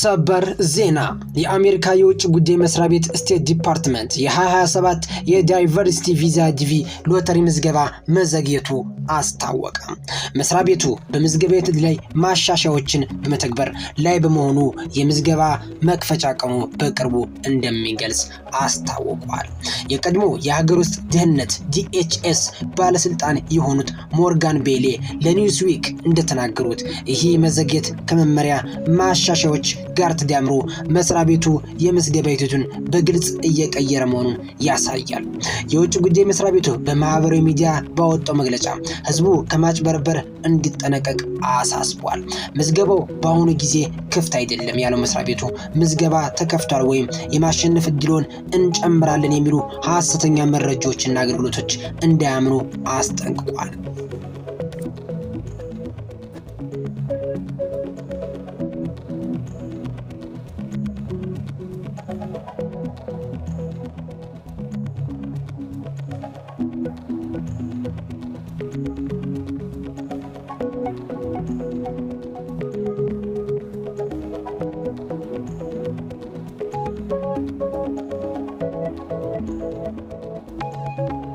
ሰበር ዜና የአሜሪካ የውጭ ጉዳይ መስሪያ ቤት ስቴት ዲፓርትመንት የ2027 የዳይቨርሲቲ ቪዛ ዲቪ ሎተሪ ምዝገባ መዘግየቱ አስታወቀ። መስሪያ ቤቱ በምዝገባ ሂደት ላይ ማሻሻያዎችን በመተግበር ላይ በመሆኑ የምዝገባ መክፈቻ ቀኑ በቅርቡ እንደሚገልጽ አስታውቋል። የቀድሞ የሀገር ውስጥ ደህንነት ዲኤችኤስ ባለስልጣን የሆኑት ሞርጋን ቤሌ ለኒውስዊክ እንደተናገሩት ይህ መዘግየት ከመመሪያ ማሻሻያዎች ጉዳዮች ጋር ተዳምሮ መስሪያ ቤቱ የምዝገባ ሂደቱን በግልጽ እየቀየረ መሆኑን ያሳያል። የውጭ ጉዳይ መስሪያ ቤቱ በማህበራዊ ሚዲያ ባወጣው መግለጫ ህዝቡ ከማጭበርበር እንዲጠነቀቅ አሳስቧል። ምዝገባው በአሁኑ ጊዜ ክፍት አይደለም ያለው መስሪያ ቤቱ ምዝገባ ተከፍቷል ወይም የማሸነፍ እድሎን እንጨምራለን የሚሉ ሀሰተኛ መረጃዎችና አገልግሎቶች እንዳያምኑ አስጠንቅቋል። Música